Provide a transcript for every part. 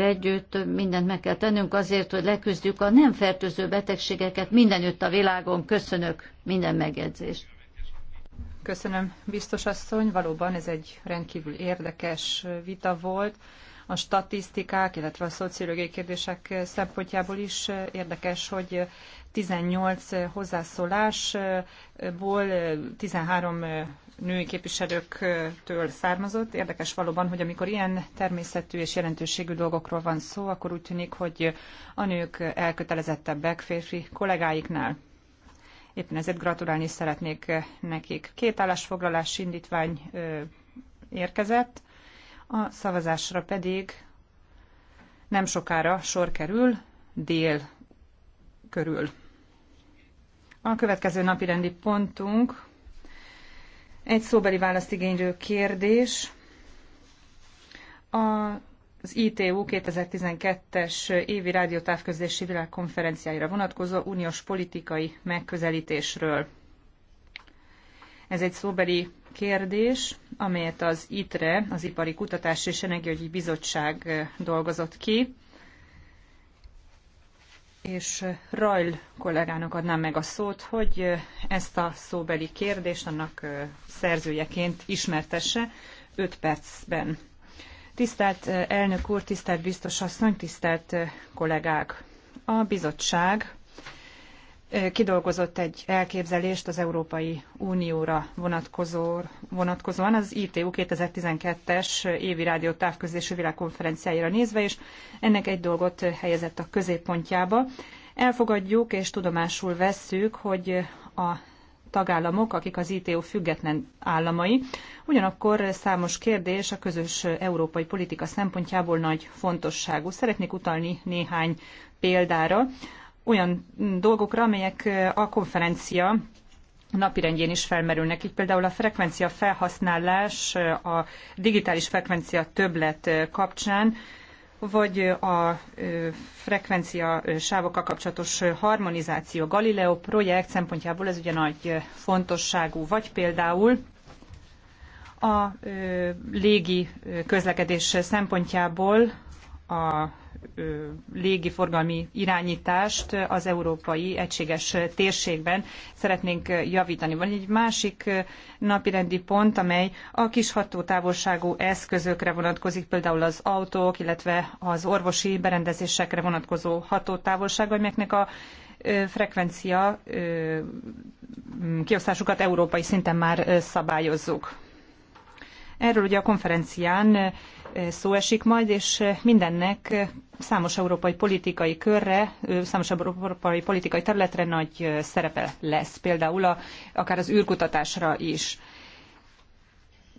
együtt mindent meg kell tennünk azért, hogy leküzdjük a nem fertőző betegségeket mindenütt a világon. Köszönök minden megjegyzést. Köszönöm, biztos asszony. Valóban ez egy rendkívül érdekes vita volt a statisztikák, illetve a szociológiai kérdések szempontjából is érdekes, hogy 18 hozzászólásból 13 női képviselőktől származott. Érdekes valóban, hogy amikor ilyen természetű és jelentőségű dolgokról van szó, akkor úgy tűnik, hogy a nők elkötelezettebbek férfi kollégáiknál. Éppen ezért gratulálni szeretnék nekik. Két állásfoglalás indítvány érkezett a szavazásra pedig nem sokára sor kerül dél körül. A következő napi rendi pontunk egy szóbeli választ igénylő kérdés. Az ITU 2012-es évi rádiótávközlési világkonferenciáira vonatkozó uniós politikai megközelítésről. Ez egy szóbeli kérdés, amelyet az ITRE, az Ipari Kutatás és Energiai Bizottság dolgozott ki, és Rajl kollégának adnám meg a szót, hogy ezt a szóbeli kérdést annak szerzőjeként ismertesse 5 percben. Tisztelt elnök úr, tisztelt biztos asszony, tisztelt kollégák! A bizottság kidolgozott egy elképzelést az Európai Unióra vonatkozó, vonatkozóan az ITU 2012-es évi rádió világkonferenciájára nézve, és ennek egy dolgot helyezett a középpontjába. Elfogadjuk és tudomásul vesszük, hogy a tagállamok, akik az ITU független államai. Ugyanakkor számos kérdés a közös európai politika szempontjából nagy fontosságú. Szeretnék utalni néhány példára, olyan dolgokra, amelyek a konferencia napirendjén is felmerülnek, így például a frekvencia felhasználás a digitális frekvencia többlet kapcsán, vagy a frekvencia sávokkal kapcsolatos harmonizáció Galileo projekt szempontjából ez ugye nagy fontosságú, vagy például a légi közlekedés szempontjából a légiforgalmi irányítást az európai egységes térségben szeretnénk javítani. Van egy másik napirendi pont, amely a kis hatótávolságú eszközökre vonatkozik, például az autók, illetve az orvosi berendezésekre vonatkozó hatótávolság, amelyeknek a frekvencia kiosztásukat európai szinten már szabályozzuk. Erről ugye a konferencián szó esik majd, és mindennek számos európai politikai körre, számos európai politikai területre nagy szerepe lesz, például a, akár az űrkutatásra is.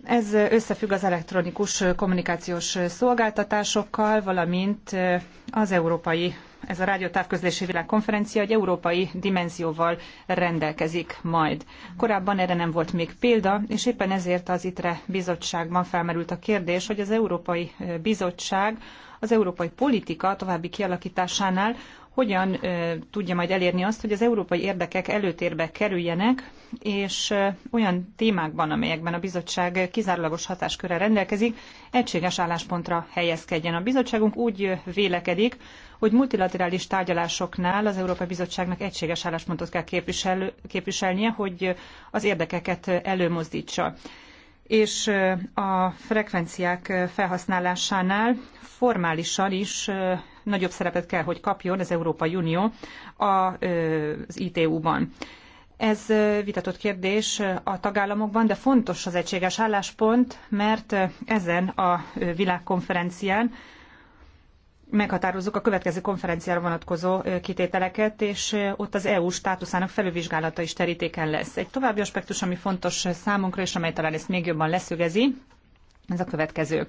Ez összefügg az elektronikus kommunikációs szolgáltatásokkal, valamint az európai ez a rádiótávközlési világkonferencia egy európai dimenzióval rendelkezik majd. Korábban erre nem volt még példa, és éppen ezért az ITRE bizottságban felmerült a kérdés, hogy az Európai Bizottság az európai politika további kialakításánál hogyan tudja majd elérni azt, hogy az európai érdekek előtérbe kerüljenek, és olyan témákban, amelyekben a bizottság kizárólagos hatásköre rendelkezik, egységes álláspontra helyezkedjen. A bizottságunk úgy vélekedik, hogy multilaterális tárgyalásoknál az Európai Bizottságnak egységes álláspontot kell képviselnie, hogy az érdekeket előmozdítsa és a frekvenciák felhasználásánál formálisan is nagyobb szerepet kell, hogy kapjon az Európai Unió az ITU-ban. Ez vitatott kérdés a tagállamokban, de fontos az egységes álláspont, mert ezen a világkonferencián meghatározzuk a következő konferenciára vonatkozó kitételeket, és ott az EU státuszának felülvizsgálata is terítéken lesz. Egy további aspektus, ami fontos számunkra, és amely talán ezt még jobban leszögezi, ez a következő.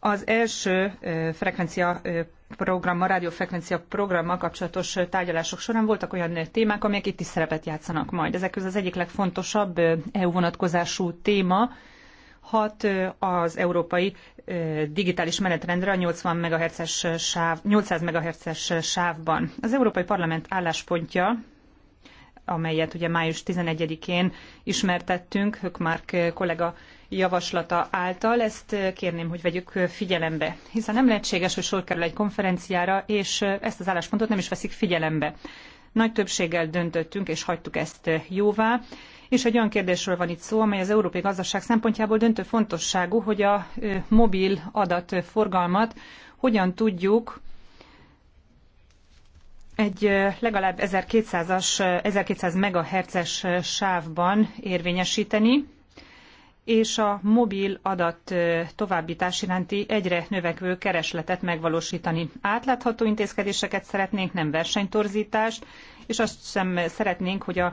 Az első frekvencia programmal, rádiófrekvencia programmal kapcsolatos tárgyalások során voltak olyan témák, amelyek itt is szerepet játszanak majd. Ezek közül az egyik legfontosabb EU vonatkozású téma, hat az európai digitális menetrendre a 80 MHz sáv, 800 MHz-es sávban. Az Európai Parlament álláspontja amelyet ugye május 11-én ismertettünk, Hökmark kollega javaslata által. Ezt kérném, hogy vegyük figyelembe, hiszen nem lehetséges, hogy sor kerül egy konferenciára, és ezt az álláspontot nem is veszik figyelembe. Nagy többséggel döntöttünk és hagytuk ezt jóvá. És egy olyan kérdésről van itt szó, amely az európai gazdaság szempontjából döntő fontosságú, hogy a mobil adatforgalmat hogyan tudjuk egy legalább 1200-as, 1200 MHz-es sávban érvényesíteni, és a mobil adat továbbítás iránti egyre növekvő keresletet megvalósítani. Átlátható intézkedéseket szeretnénk, nem versenytorzítást, és azt sem szeretnénk, hogy a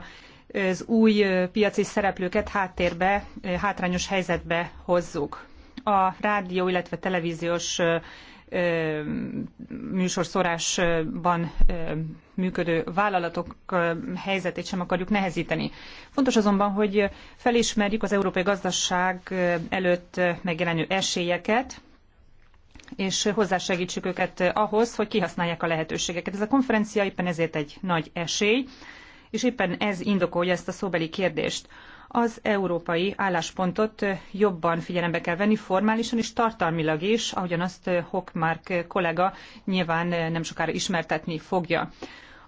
az új piaci szereplőket háttérbe, hátrányos helyzetbe hozzuk. A rádió, illetve televíziós műsorszórásban működő vállalatok helyzetét sem akarjuk nehezíteni. Fontos azonban, hogy felismerjük az európai gazdaság előtt megjelenő esélyeket, és hozzásegítsük őket ahhoz, hogy kihasználják a lehetőségeket. Ez a konferencia éppen ezért egy nagy esély, és éppen ez indokolja ezt a szóbeli kérdést az európai álláspontot jobban figyelembe kell venni formálisan és tartalmilag is, ahogyan azt Hockmark kollega nyilván nem sokára ismertetni fogja.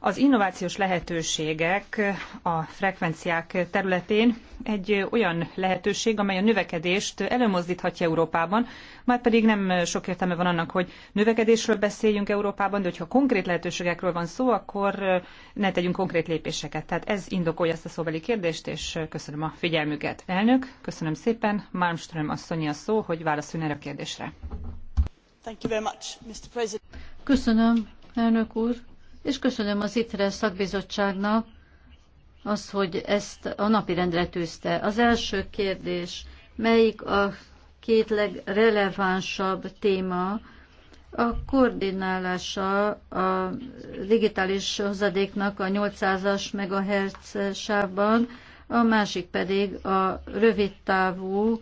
Az innovációs lehetőségek a frekvenciák területén egy olyan lehetőség, amely a növekedést előmozdíthatja Európában, már pedig nem sok értelme van annak, hogy növekedésről beszéljünk Európában, de hogyha konkrét lehetőségekről van szó, akkor ne tegyünk konkrét lépéseket. Tehát ez indokolja ezt a szóbeli kérdést, és köszönöm a figyelmüket. Elnök, köszönöm szépen, Malmström asszonyi a szó, hogy válaszoljon erre a kérdésre. Köszönöm, elnök úr és köszönöm az ITRE szakbizottságnak azt, hogy ezt a napirendre tűzte. Az első kérdés, melyik a két legrelevánsabb téma a koordinálása a digitális hozadéknak a 800-as megahertz sávban, a másik pedig a rövidtávú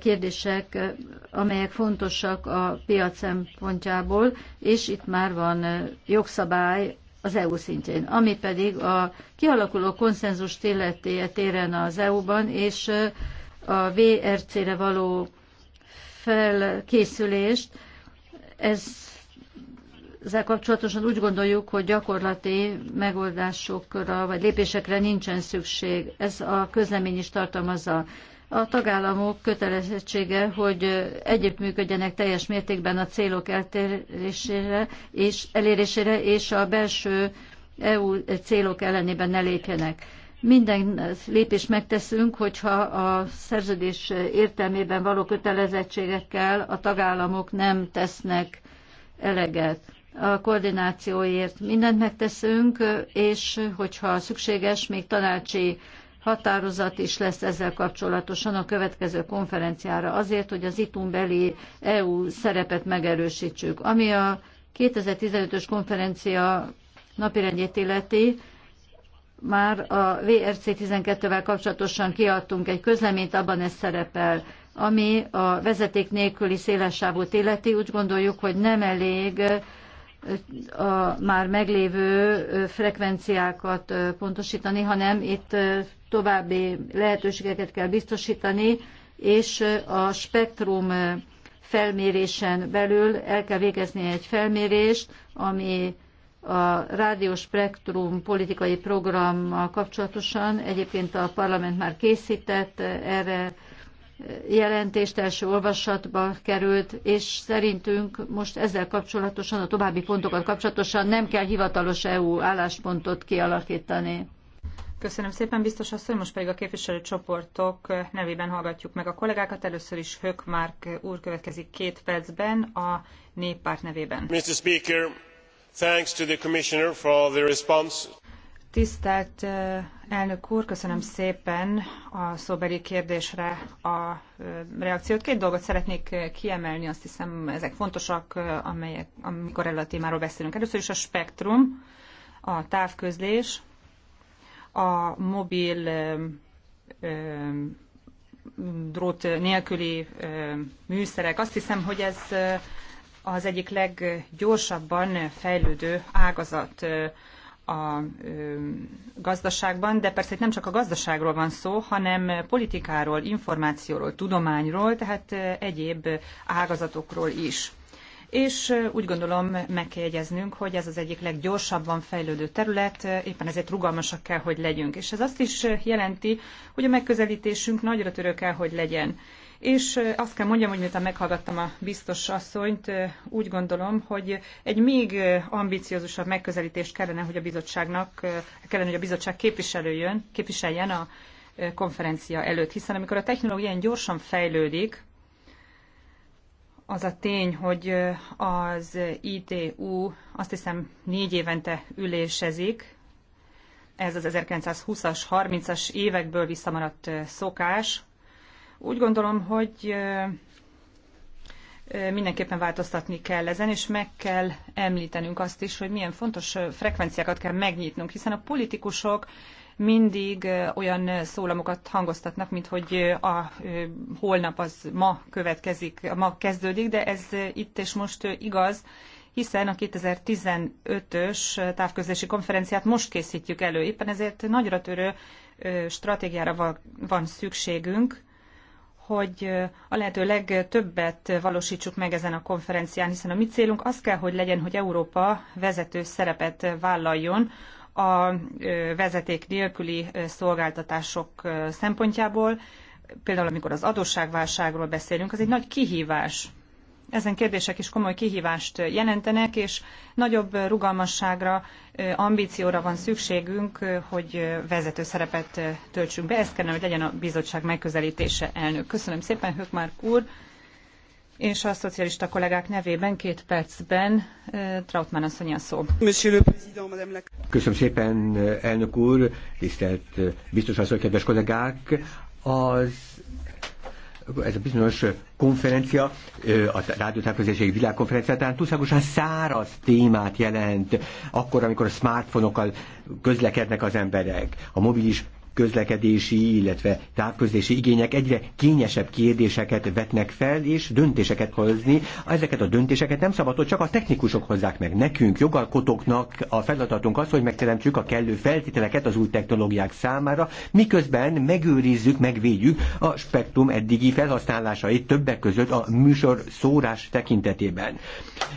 kérdések, amelyek fontosak a piac szempontjából, és itt már van jogszabály az EU szintjén, ami pedig a kialakuló konszenzus téletéje téren az EU-ban, és a VRC-re való felkészülést, ez ezzel kapcsolatosan úgy gondoljuk, hogy gyakorlati megoldásokra vagy lépésekre nincsen szükség. Ez a közlemény is tartalmazza. A tagállamok kötelezettsége, hogy együttműködjenek teljes mértékben a célok eltérésére és elérésére, és a belső EU célok ellenében ne lépjenek. Minden lépést megteszünk, hogyha a szerződés értelmében való kötelezettségekkel a tagállamok nem tesznek eleget. A koordinációért mindent megteszünk, és hogyha szükséges, még tanácsi határozat is lesz ezzel kapcsolatosan a következő konferenciára azért, hogy az itun beli EU szerepet megerősítsük. Ami a 2015-ös konferencia napirendjét illeti, már a VRC 12-vel kapcsolatosan kiadtunk egy közleményt, abban ez szerepel. Ami a vezeték nélküli szélessávút illeti, úgy gondoljuk, hogy nem elég a már meglévő frekvenciákat pontosítani, hanem itt további lehetőségeket kell biztosítani, és a spektrum felmérésen belül el kell végezni egy felmérést, ami a rádióspektrum politikai programmal kapcsolatosan, egyébként a parlament már készített erre jelentést első olvasatba került, és szerintünk most ezzel kapcsolatosan, a további pontokat kapcsolatosan nem kell hivatalos EU álláspontot kialakítani. Köszönöm szépen, biztos asszony, most pedig a képviselőcsoportok nevében hallgatjuk meg a kollégákat. Először is Hökmark úr következik két percben a néppárt nevében. Mr. Speaker, thanks to the Commissioner for the response. Tisztelt elnök úr, köszönöm szépen a szóbeli kérdésre a reakciót. Két dolgot szeretnék kiemelni, azt hiszem ezek fontosak, amelyek, amikor erről a témáról beszélünk. Először is a spektrum, a távközlés, a mobil drót nélküli műszerek. Azt hiszem, hogy ez az egyik leggyorsabban fejlődő ágazat a gazdaságban, de persze itt nem csak a gazdaságról van szó, hanem politikáról, információról, tudományról, tehát egyéb ágazatokról is. És úgy gondolom meg kell jegyeznünk, hogy ez az egyik leggyorsabban fejlődő terület, éppen ezért rugalmasak kell, hogy legyünk. És ez azt is jelenti, hogy a megközelítésünk nagyra törő kell, hogy legyen és azt kell mondjam, hogy miután meghallgattam a biztos asszonyt, úgy gondolom, hogy egy még ambiciózusabb megközelítést kellene, hogy a bizottságnak, kellene, hogy a bizottság képviselőjön, képviseljen a konferencia előtt, hiszen amikor a technológia ilyen gyorsan fejlődik, az a tény, hogy az ITU azt hiszem négy évente ülésezik, ez az 1920-as, 30-as évekből visszamaradt szokás, úgy gondolom, hogy mindenképpen változtatni kell ezen, és meg kell említenünk azt is, hogy milyen fontos frekvenciákat kell megnyitnunk, hiszen a politikusok mindig olyan szólamokat hangoztatnak, mint hogy a holnap az ma következik, ma kezdődik, de ez itt és most igaz, hiszen a 2015-ös távközlési konferenciát most készítjük elő. Éppen ezért nagyra törő stratégiára van szükségünk, hogy a lehető legtöbbet valósítsuk meg ezen a konferencián, hiszen a mi célunk az kell, hogy legyen, hogy Európa vezető szerepet vállaljon a vezeték nélküli szolgáltatások szempontjából. Például amikor az adósságválságról beszélünk, az egy nagy kihívás. Ezen kérdések is komoly kihívást jelentenek, és nagyobb rugalmasságra, ambícióra van szükségünk, hogy vezető szerepet töltsünk be. Ez kellene, hogy legyen a bizottság megközelítése elnök. Köszönöm szépen, Hökmark úr, és a szocialista kollégák nevében két percben Trautmann asszony a szó. Köszönöm szépen, elnök úr, tisztelt biztos asszony, kedves kollégák! Az ez a bizonyos konferencia, a rádiótáplálészség világkonferencia, tehát túlságosan száraz témát jelent, akkor, amikor a smartfonokkal közlekednek az emberek, a mobilis közlekedési, illetve távközlési igények egyre kényesebb kérdéseket vetnek fel, és döntéseket hozni. Ezeket a döntéseket nem szabad, hogy csak a technikusok hozzák meg. Nekünk, jogalkotóknak a feladatunk az, hogy megteremtsük a kellő feltételeket az új technológiák számára, miközben megőrizzük, megvédjük a spektrum eddigi felhasználásait többek között a műsor szórás tekintetében.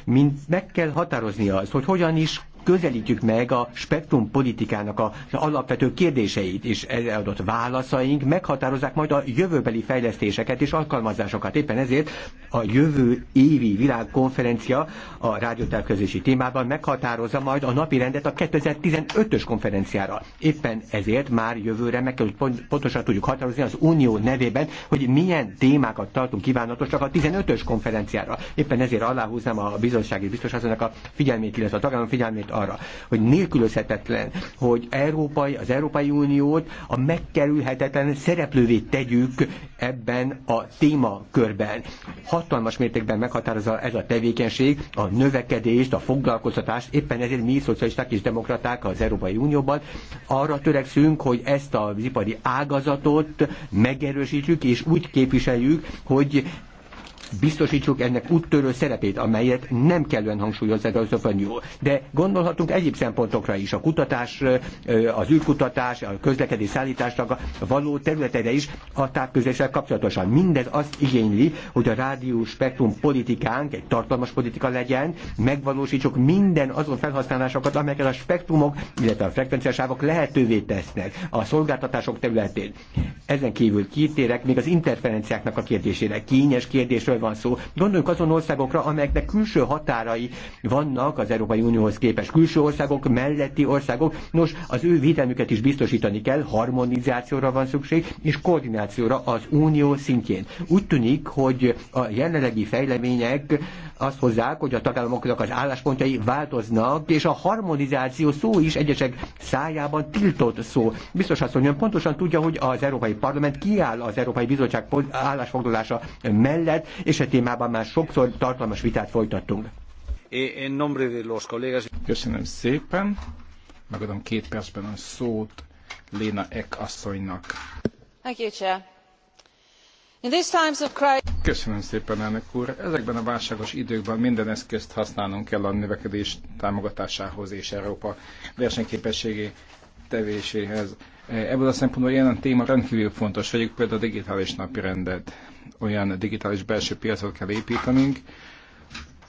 Mint meg kell határozni azt, hogy hogyan is közelítjük meg a spektrum politikának az alapvető kérdéseit, és erre adott válaszaink meghatározzák majd a jövőbeli fejlesztéseket és alkalmazásokat. Éppen ezért a jövő évi világkonferencia a rádiótávközési témában meghatározza majd a napi rendet a 2015-ös konferenciára. Éppen ezért már jövőre meg kell, hogy pontosan tudjuk határozni az Unió nevében, hogy milyen témákat tartunk kívánatosnak a 15-ös konferenciára. Éppen ezért aláhúznám a bizottsági biztos a figyelmét, illetve a tagállam figyelmét arra, hogy nélkülözhetetlen, hogy Európai, az Európai Uniót a megkerülhetetlen szereplővé tegyük ebben a témakörben. Hatalmas mértékben meghatározza ez a tevékenység a növekedést, a foglalkoztatást, éppen ezért mi szocialisták és demokraták az Európai Unióban arra törekszünk, hogy ezt az ipari ágazatot megerősítjük, és úgy képviseljük, hogy biztosítsuk ennek úttörő szerepét, amelyet nem kellően hangsúlyozza az Európai Unió. De gondolhatunk egyéb szempontokra is, a kutatás, az űrkutatás, a közlekedés szállításnak a való területeire is a távközléssel kapcsolatosan. Mindez azt igényli, hogy a rádió spektrum politikánk egy tartalmas politika legyen, megvalósítsuk minden azon felhasználásokat, amelyeket a spektrumok, illetve a frekvenciásávok lehetővé tesznek a szolgáltatások területén. Ezen kívül kitérek még az interferenciáknak a kérdésére. Kényes kérdésről miről van szó? Gondoljunk azon országokra, amelyeknek külső határai vannak az Európai Unióhoz képest. Külső országok, melletti országok. Nos, az ő védelmüket is biztosítani kell, harmonizációra van szükség, és koordinációra az unió szintjén. Úgy tűnik, hogy a jelenlegi fejlemények azt hozzák, hogy a tagállamoknak az álláspontjai változnak, és a harmonizáció szó is egyesek szájában tiltott szó. Biztos azt mondja, pontosan tudja, hogy az Európai Parlament kiáll az Európai Bizottság állásfoglalása mellett, és a e témában már sokszor tartalmas vitát folytattunk. E, Köszönöm szépen. Megadom két percben a szót Léna Ek asszonynak. Thank you, Chair. Köszönöm szépen, elnök úr. Ezekben a válságos időkben minden eszközt használnunk kell a növekedés támogatásához és Európa versenyképességi tevéséhez. Ebből a szempontból jelen téma rendkívül fontos, vegyük például a digitális napirendet. Olyan digitális belső piacot kell építenünk,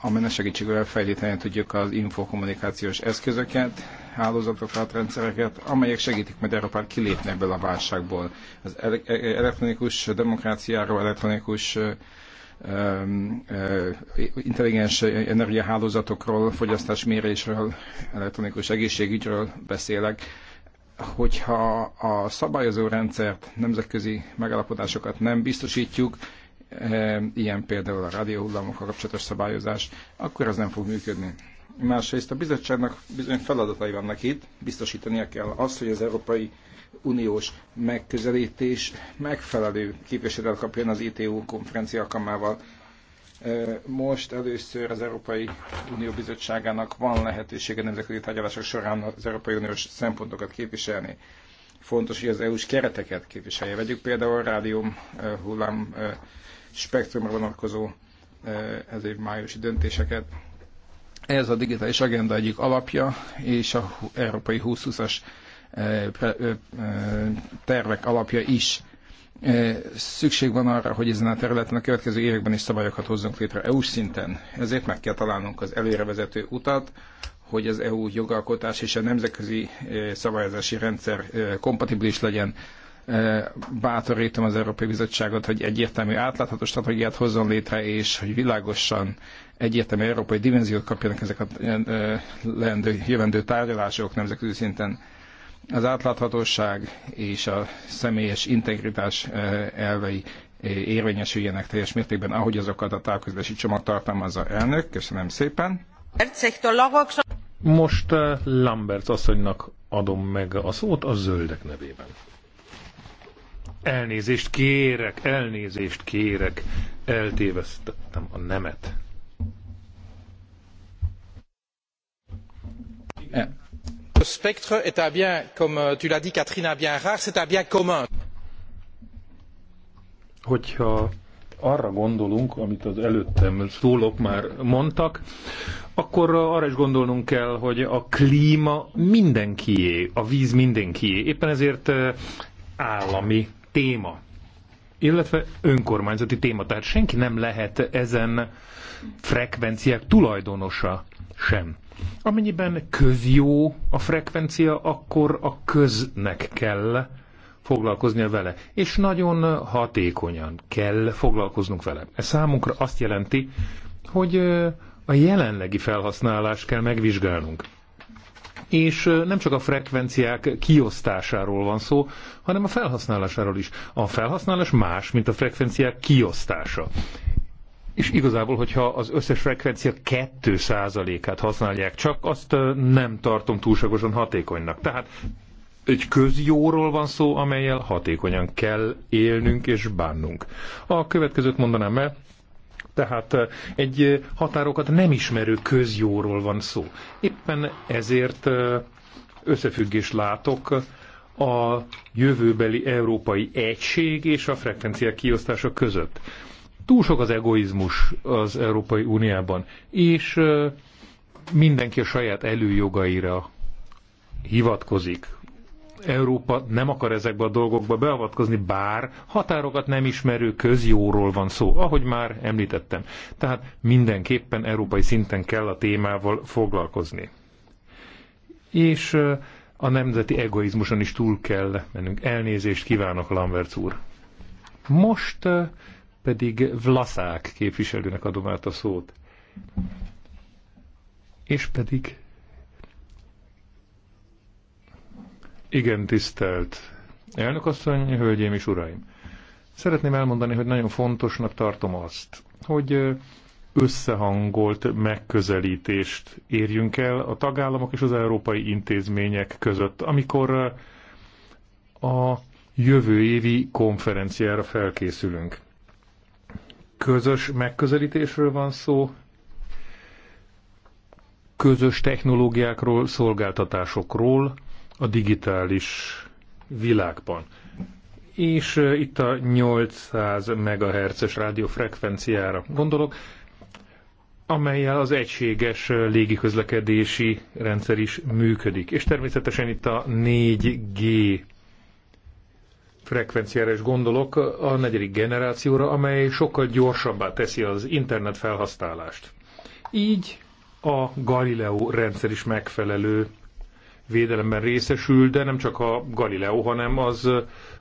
amelynek segítségével fejlíteni tudjuk az infokommunikációs eszközöket, hálózatokat, rendszereket, amelyek segítik majd Európát kilépni ebből a válságból. Az e- e- elektronikus demokráciáról, elektronikus intelligens energiahálózatokról, fogyasztásmérésről, elektronikus egészségügyről beszélek. Hogyha a szabályozó rendszert, nemzetközi megállapodásokat nem biztosítjuk, ilyen például a rádióhullamokkal kapcsolatos szabályozás, akkor az nem fog működni. Másrészt a bizottságnak bizony feladatai vannak itt, biztosítania kell azt, hogy az Európai Uniós megközelítés megfelelő képviselőt kapjon az ITU konferencia alkalmával. Most először az Európai Unió Bizottságának van lehetősége nemzetközi tárgyalások során az Európai Uniós szempontokat képviselni fontos, hogy az EU-s kereteket képviselje. Vegyük például a rádium eh, hullám eh, spektrumra vonatkozó eh, ez év májusi döntéseket. Ez a digitális agenda egyik alapja, és a Európai 2020-as tervek alapja is. Szükség van arra, hogy ezen a területen a következő években is szabályokat hozzunk létre EU-s szinten. Ezért meg kell találnunk az előrevezető utat, hogy az EU jogalkotás és a nemzetközi e, szabályozási rendszer e, kompatibilis legyen. E, bátorítom az Európai Bizottságot, hogy egyértelmű átlátható stratégiát hozzon létre, és hogy világosan egyértelmű európai dimenziót kapjanak ezek a leendő, jövendő tárgyalások nemzetközi szinten. Az átláthatóság és a személyes integritás elvei érvényesüljenek teljes mértékben, ahogy azokat a távközlési csomag tartalmazza elnök. Köszönöm szépen! Most eh, Lambert asszonynak adom meg a szót a zöldek nevében. Elnézést kérek, elnézést kérek, eltévesztettem a nemet. Le spectre est un bien, comme euh, tu l'as dit Catherine, un bien rare, c'est un bien commun. Hogyha arra gondolunk, amit az előttem szólók már mondtak, akkor arra is gondolnunk kell, hogy a klíma mindenkié, a víz mindenkié. Éppen ezért eh, állami téma, illetve önkormányzati téma. Tehát senki nem lehet ezen frekvenciák tulajdonosa sem. Amennyiben közjó a frekvencia, akkor a köznek kell foglalkoznia vele, és nagyon hatékonyan kell foglalkoznunk vele. Ez számunkra azt jelenti, hogy a jelenlegi felhasználást kell megvizsgálnunk. És nem csak a frekvenciák kiosztásáról van szó, hanem a felhasználásáról is. A felhasználás más, mint a frekvenciák kiosztása. És igazából, hogyha az összes frekvencia 2%-át használják csak, azt nem tartom túlságosan hatékonynak. Tehát egy közjóról van szó, amelyel hatékonyan kell élnünk és bánnunk. A következőt mondanám el, tehát eh, egy eh, határokat nem ismerő közjóról van szó. Éppen ezért eh, összefüggés látok a jövőbeli európai egység és a frekvenciák kiosztása között. Túl sok az egoizmus az Európai Uniában, és mindenki a saját előjogaira hivatkozik. Európa nem akar ezekbe a dolgokba beavatkozni, bár határokat nem ismerő közjóról van szó, ahogy már említettem. Tehát mindenképpen európai szinten kell a témával foglalkozni. És a nemzeti egoizmuson is túl kell mennünk. Elnézést kívánok, Lamberts úr. Most pedig Vlaszák képviselőnek adom át a szót. És pedig Igen, tisztelt elnökasszony, hölgyeim és uraim. Szeretném elmondani, hogy nagyon fontosnak tartom azt, hogy összehangolt megközelítést érjünk el a tagállamok és az európai intézmények között, amikor a jövő évi konferenciára felkészülünk. Közös megközelítésről van szó, közös technológiákról, szolgáltatásokról, a digitális világban. És itt a 800 MHz-es rádiófrekvenciára gondolok, amelyel az egységes légiközlekedési rendszer is működik. És természetesen itt a 4G frekvenciára is gondolok, a negyedik generációra, amely sokkal gyorsabbá teszi az internet felhasználást. Így a Galileo rendszer is megfelelő védelemben részesül, de nem csak a Galileo, hanem az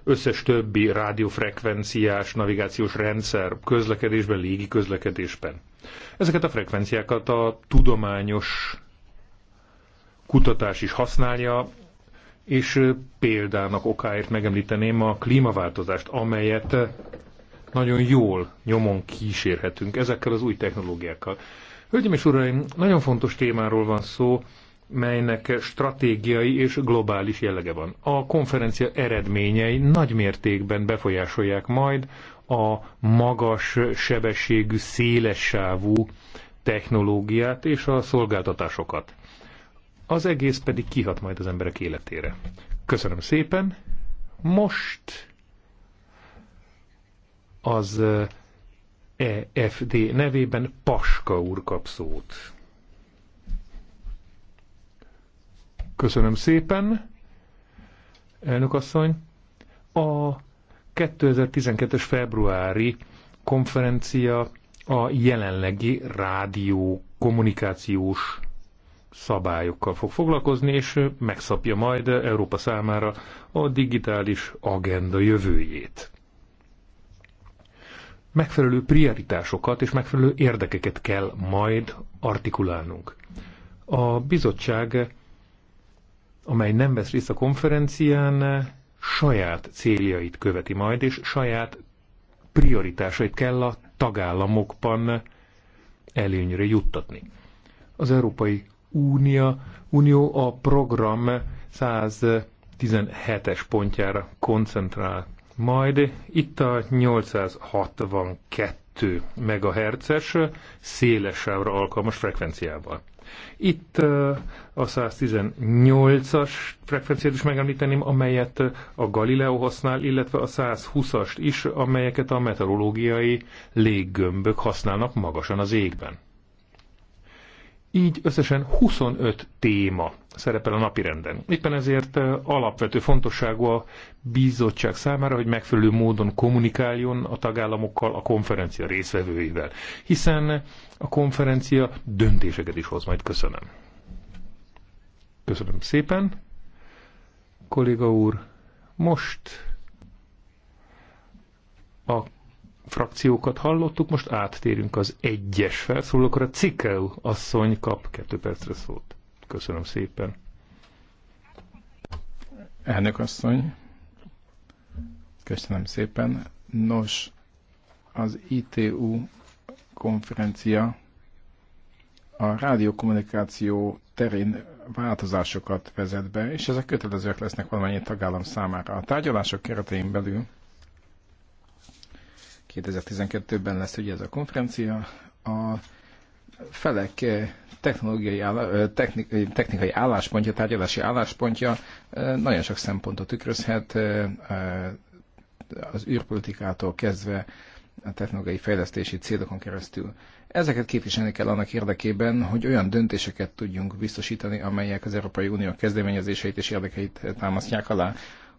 összes többi rádiófrekvenciás navigációs rendszer közlekedésben, légi közlekedésben. Ezeket a frekvenciákat a tudományos kutatás is használja, és példának okáért megemlíteném a klímaváltozást, amelyet nagyon jól nyomon kísérhetünk ezekkel az új technológiákkal. Hölgyeim és uraim, nagyon fontos témáról van szó, melynek stratégiai és globális jellege van. A konferencia eredményei nagy mértékben befolyásolják majd a magas sebességű, szélessávú technológiát és a szolgáltatásokat. Az egész pedig kihat majd az emberek életére. Köszönöm szépen. Most az EFD nevében Paska úr kap szót. Köszönöm szépen, elnök asszony. A 2012-es februári konferencia a jelenlegi rádió kommunikációs szabályokkal fog foglalkozni, és megszapja majd Európa számára a digitális agenda jövőjét. Megfelelő prioritásokat és megfelelő érdekeket kell majd artikulálnunk. A bizottság amely nem vesz részt a konferencián, saját céljait követi majd, és saját prioritásait kell a tagállamokban előnyre juttatni. Az Európai Unia, Unió a program 117-es pontjára koncentrál. Majd itt a 862 MHz-es szélesávra alkalmas frekvenciával. Itt a 118-as frekvenciát is megemlíteném, amelyet a Galileo használ, illetve a 120-ast is, amelyeket a meteorológiai léggömbök használnak magasan az égben. Így összesen 25 téma szerepel a napirenden. Éppen ezért alapvető fontosságú a bizottság számára, hogy megfelelő módon kommunikáljon a tagállamokkal, a konferencia részvevőivel, hiszen a konferencia döntéseket is hoz majd. Köszönöm. Köszönöm szépen, kolléga úr. Most a frakciókat hallottuk, most áttérünk az egyes felszólókra. Cikel asszony kap kettő percre szót. Köszönöm szépen. Elnök asszony, köszönöm szépen. Nos, az ITU konferencia a rádiókommunikáció terén változásokat vezet be, és ezek kötelezőek lesznek valamennyi tagállam számára. A tárgyalások keretein belül 2012-ben lesz ugye ez a konferencia, a felek eh, technológiai áll, eh, technik, technikai álláspontja, tárgyalási álláspontja eh, nagyon sok szempontot tükrözhet, az űrpolitikától kezdve a technológiai fejlesztési célokon keresztül. Ezeket képviselni kell annak érdekében, hogy olyan döntéseket tudjunk biztosítani, amelyek az Európai Unió kezdeményezéseit és érdekeit támasztják alá.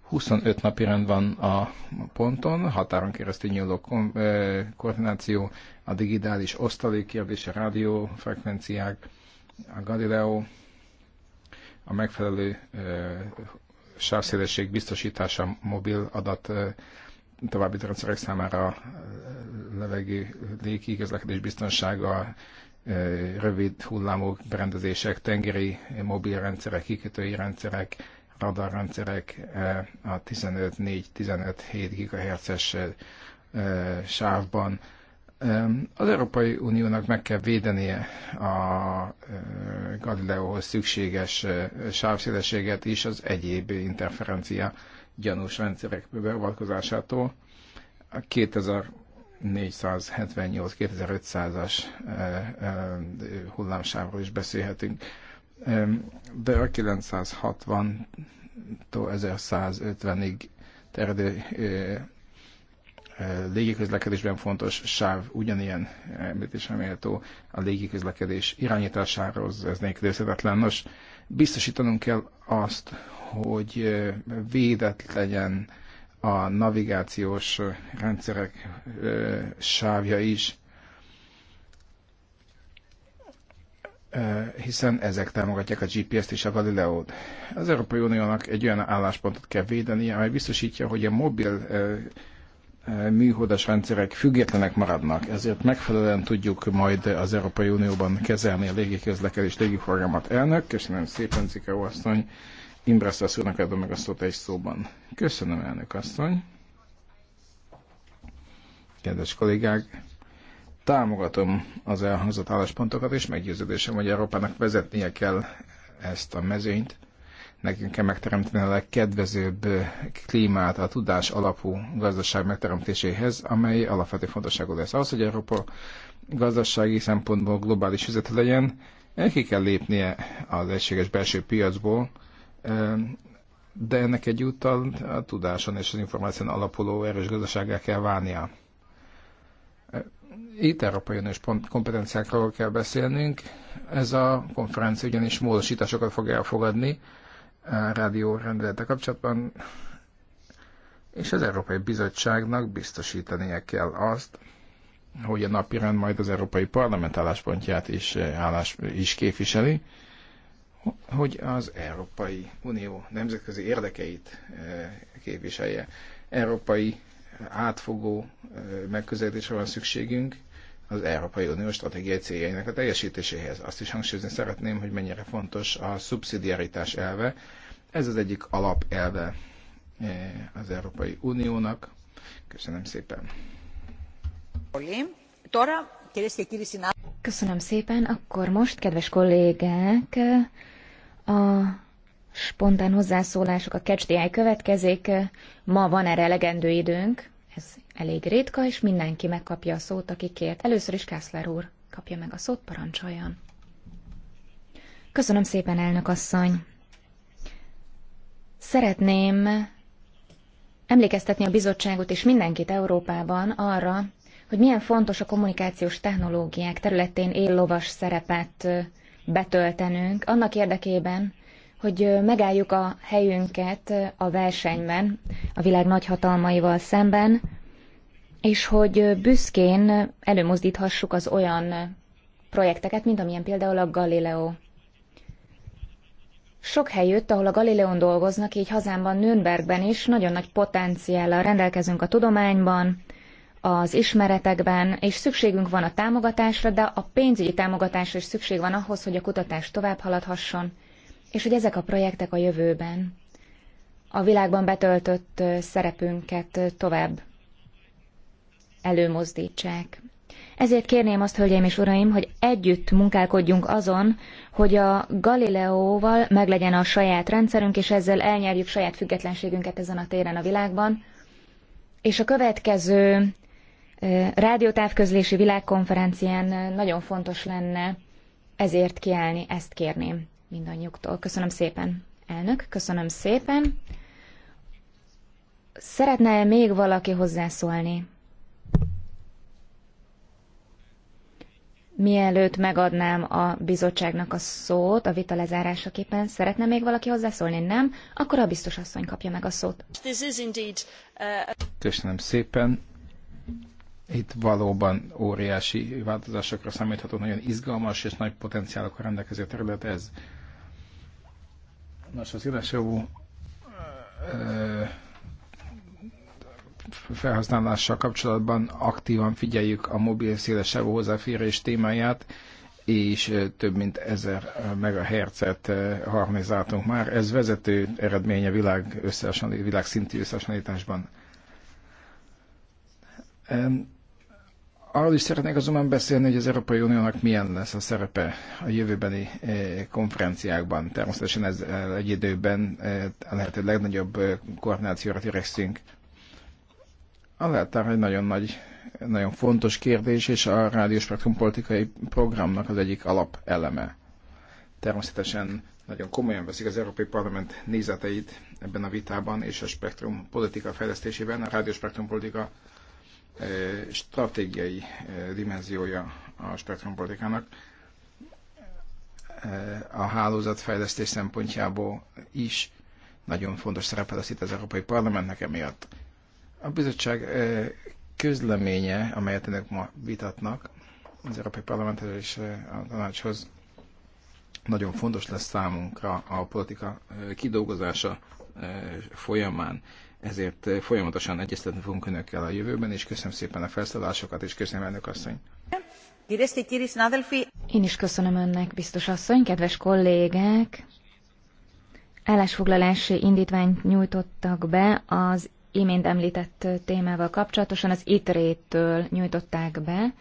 25 napi rend van a ponton, határon keresztül nyíló eh, koordináció, a digitális osztalék kérdése, rádiófrekvenciák, a Galileo, a megfelelő eh, sávszélesség biztosítása mobil adat eh, további rendszerek számára levegő, légi közlekedés biztonsága, rövid hullámú berendezések, tengeri mobil rendszerek, kikötői rendszerek, radarrendszerek e, a 15-4-15-7 GHz-es e, e, sávban. Az Európai Uniónak meg kell védenie a Galileóhoz szükséges sávszélességet is az egyéb interferencia gyanús rendszerek beavatkozásától. A 2478-2500-as hullámsávról is beszélhetünk de a 960-tól 1150-ig terjedő eh, eh, légiközlekedésben fontos sáv ugyanilyen említésre méltó a légiközlekedés irányításáról, ez nélkülözhetetlen. Nos, biztosítanunk kell azt, hogy eh, védett legyen a navigációs rendszerek sávja is, Eh, hiszen ezek támogatják a GPS-t és a Galileo-t. Az Európai Uniónak egy olyan álláspontot kell védenie, amely biztosítja, hogy a mobil eh, eh, műholdas rendszerek függetlenek maradnak, ezért megfelelően tudjuk majd az Európai Unióban kezelni a légiközlekedés légiforgalmat. Elnök, köszönöm szépen, Cika asszony, Imre úrnak adom meg a szót egy szóban. Köszönöm, elnök asszony. Kedves kollégák, Támogatom az elhangzott álláspontokat, és meggyőződésem, hogy Európának vezetnie kell ezt a mezőnyt. Nekünk kell megteremteni a legkedvezőbb klímát a tudás alapú gazdaság megteremtéséhez, amely alapvető fontosságú lesz. Az hogy Európa gazdasági szempontból globális üzlet legyen, ki kell lépnie az egységes belső piacból, de ennek egyúttal a tudáson és az információn alapuló erős gazdasággá kell válnia. Itt Európai Uniós kompetenciákról kell beszélnünk. Ez a konferencia ugyanis módosításokat fog elfogadni a rádió rendelete kapcsolatban, és az Európai Bizottságnak biztosítania kell azt, hogy a napi rend majd az Európai Parlament álláspontját is, állás, is képviseli, hogy az Európai Unió nemzetközi érdekeit eh, képviselje. Európai átfogó eh, megközelítésre van szükségünk, az Európai Unió stratégiai céljainak a teljesítéséhez. Azt is hangsúlyozni szeretném, hogy mennyire fontos a szubszidiaritás elve. Ez az egyik alapelve eh, az Európai Uniónak. Köszönöm szépen. Köszönöm szépen. Akkor most, kedves kollégák, a spontán hozzászólások a kecsdiáj következik. Ma van erre elegendő időnk. Ez elég ritka, és mindenki megkapja a szót, aki kért. Először is Kessler úr kapja meg a szót, parancsoljon. Köszönöm szépen, elnök asszony. Szeretném emlékeztetni a bizottságot és mindenkit Európában arra, hogy milyen fontos a kommunikációs technológiák területén éllovas szerepet betöltenünk annak érdekében, hogy megálljuk a helyünket a versenyben, a világ nagyhatalmaival szemben, és hogy büszkén előmozdíthassuk az olyan projekteket, mint amilyen például a Galileo. Sok helyütt, ahol a Galileon dolgoznak, így hazámban, Nürnbergben is nagyon nagy potenciállal rendelkezünk a tudományban, az ismeretekben, és szükségünk van a támogatásra, de a pénzügyi támogatásra is szükség van ahhoz, hogy a kutatás tovább haladhasson, és hogy ezek a projektek a jövőben a világban betöltött szerepünket tovább előmozdítsák. Ezért kérném azt, hölgyeim és uraim, hogy együtt munkálkodjunk azon, hogy a Galileóval meglegyen a saját rendszerünk, és ezzel elnyerjük saját függetlenségünket ezen a téren a világban. És a következő rádiótávközlési világkonferencián nagyon fontos lenne ezért kiállni, ezt kérném mindannyiuktól. Köszönöm szépen, elnök, köszönöm szépen. Szeretne -e még valaki hozzászólni? Mielőtt megadnám a bizottságnak a szót a vita lezárásaképpen, szeretne még valaki hozzászólni? Nem? Akkor a biztos asszony kapja meg a szót. Uh, köszönöm szépen. Itt valóban óriási változásokra számítható, nagyon izgalmas és nagy potenciálokra rendelkező terület ez. Nos, az Ilesevú felhasználással kapcsolatban aktívan figyeljük a mobil szélesávú hozzáférés témáját, és több mint 1000 megahertzet harmonizáltunk már. Ez vezető eredménye világ összehasonlít, világszintű összehasonlításban. Arról is szeretnék azonban beszélni, hogy az Európai Uniónak milyen lesz a szerepe a jövőbeni eh, konferenciákban. Természetesen ez eh, egy időben eh, a lehető legnagyobb koordinációra törekszünk. A leltár egy nagyon nagy, nagyon fontos kérdés, és a rádióspektrum politikai programnak az egyik alap eleme. Természetesen nagyon komolyan veszik az Európai Parlament nézeteit ebben a vitában, és a spektrum politika fejlesztésében, a rádióspektrum politika stratégiai dimenziója a spektrumpolitikának. A hálózatfejlesztés szempontjából is nagyon fontos szerepe lesz itt az Európai Parlamentnek emiatt. A bizottság közleménye, amelyet ennek ma vitatnak, az Európai Parlamenthez és a tanácshoz nagyon fontos lesz számunkra a politika kidolgozása folyamán. Ezért folyamatosan egyeztetni fogunk önökkel a jövőben, és köszönöm szépen a felszólásokat, és köszönöm elnök asszony. Én is köszönöm önnek, biztos asszony, kedves kollégák! Állásfoglalási indítványt nyújtottak be az imént említett témával kapcsolatosan, az ITRÉ-től nyújtották be,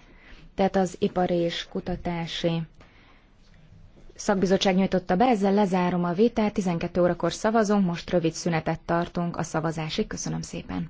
tehát az Ipari és Kutatási szakbizottság nyújtotta be, ezzel lezárom a vétát, 12 órakor szavazunk, most rövid szünetet tartunk a szavazásig. Köszönöm szépen!